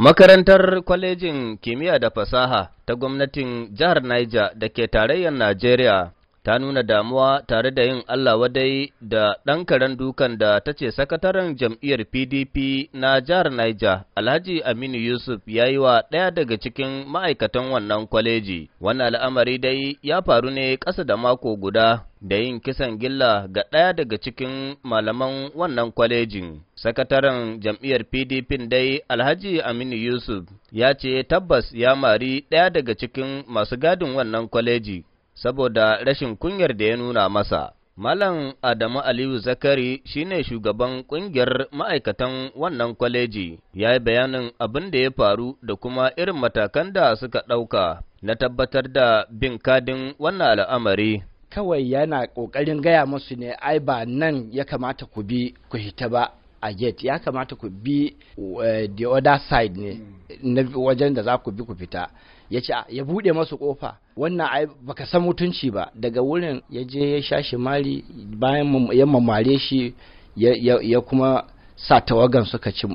Makarantar kwalejin kimiyya da fasaha ta gwamnatin jihar Niger da ke tarayyar Najeriya ta nuna damuwa tare da yin Allah wadai da ɗan karen dukan da ta ce sakataren jam'iyyar PDP na jihar Niger, Alhaji Aminu Yusuf ya yi wa ɗaya daga cikin ma'aikatan wannan kwaleji. Wannan al'amari dai ya faru ne ƙasa da mako guda da yin kisan gilla ga ɗaya daga cikin malaman wannan kwalejin. Sakataren jam'iyyar PDP dai Alhaji Aminu Yusuf ya ce tabbas ya mari ɗaya daga cikin masu gadin wannan kwaleji. saboda rashin kunyar da ya nuna masa. Malam Adamu Aliyu Zakari shi ne shugaban ƙungiyar ma'aikatan wannan kwaleji, ya yi bayanin abin da ya faru da kuma irin matakan da suka ɗauka na tabbatar da bin kadin wannan al'amari. Kawai yana ƙoƙarin gaya musu ne ai ba nan ya kamata ku bi ku hita ba a gate ya kamata ku bi uh, the other side ne hmm. wajen da za ku bi ku fita. ya ce ya buɗe masu ƙofa wannan ai baka san mutunci ba daga wurin ya je ya sha shi mari bayan ya mamare shi ya kuma sa tawagan suka ci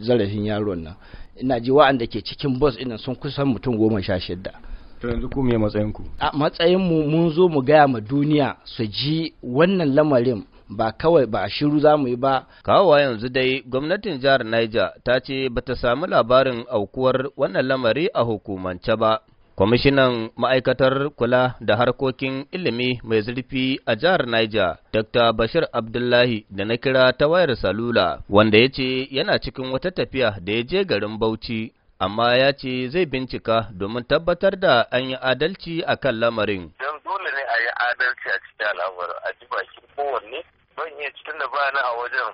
zarafin yaron nan ina ji wa'anda ke cikin bus ina sun kusan mutum goma sha shidda to yanzu ku me matsayin ku a matsayin mu mun zo mu gaya ma duniya su ji wannan lamarin ba kawai ba a shiru za mu yi ba. Kawowa yanzu dai gwamnatin jihar Niger ta ce ba ta samu labarin aukuwar wannan lamari a hukumance ba. Kwamishinan ma'aikatar kula da harkokin ilimi mai zurfi a jihar Niger, Dr. Bashir Abdullahi da na kira ta wayar salula, wanda ya ce yana cikin wata tafiya da ya je garin Bauchi, amma ya ce zai bincika domin tabbatar da an yi adalci a kan lamarin. Don dole ne a yi adalci a cikin al'amuran a iya cikin da a wajen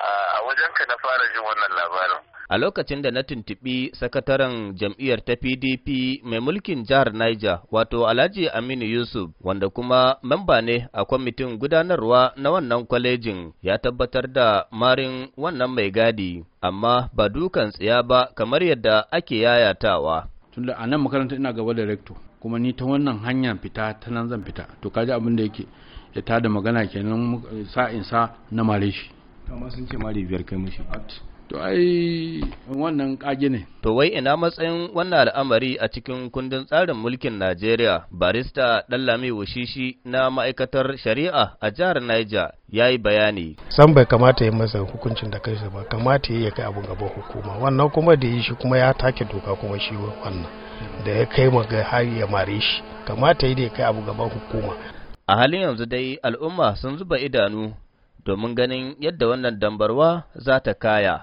a wajen ka na fara jin wannan labarin a lokacin da na tuntuɓi sakataren jam'iyyar ta PDP mai mulkin jihar Niger wato Alhaji Aminu Yusuf wanda kuma memba ne a kwamitin gudanarwa na wannan kwalejin ya tabbatar da marin wannan mai gadi amma ba dukan tsiya ba kamar yadda ake yayatawa tunda a nan makaranta ina gaba da recto kuma ni ta wannan hanya fita ta nan zan fita to kaji abin da yake ya tada magana kenan sa'in sa na mare shi amma sun ce mare biyar kai mashi To ai wannan kage ne. To wai ina matsayin wannan al'amari a cikin kundin tsarin mulkin Najeriya, barista Dallami Wushishi na ma'aikatar shari'a a jihar Niger ya yi bayani. San bai kamata yin masa hukuncin da kai ba, kamata ya kai abin gaban hukuma. Wannan kuma da yi shi kuma ya take doka kuma shi wannan da ya kai maga har ya mare shi. Kamata ya da ya kai abu gaban hukuma. A halin yanzu dai al'umma sun zuba idanu domin ganin yadda wannan dambarwa za ta kaya.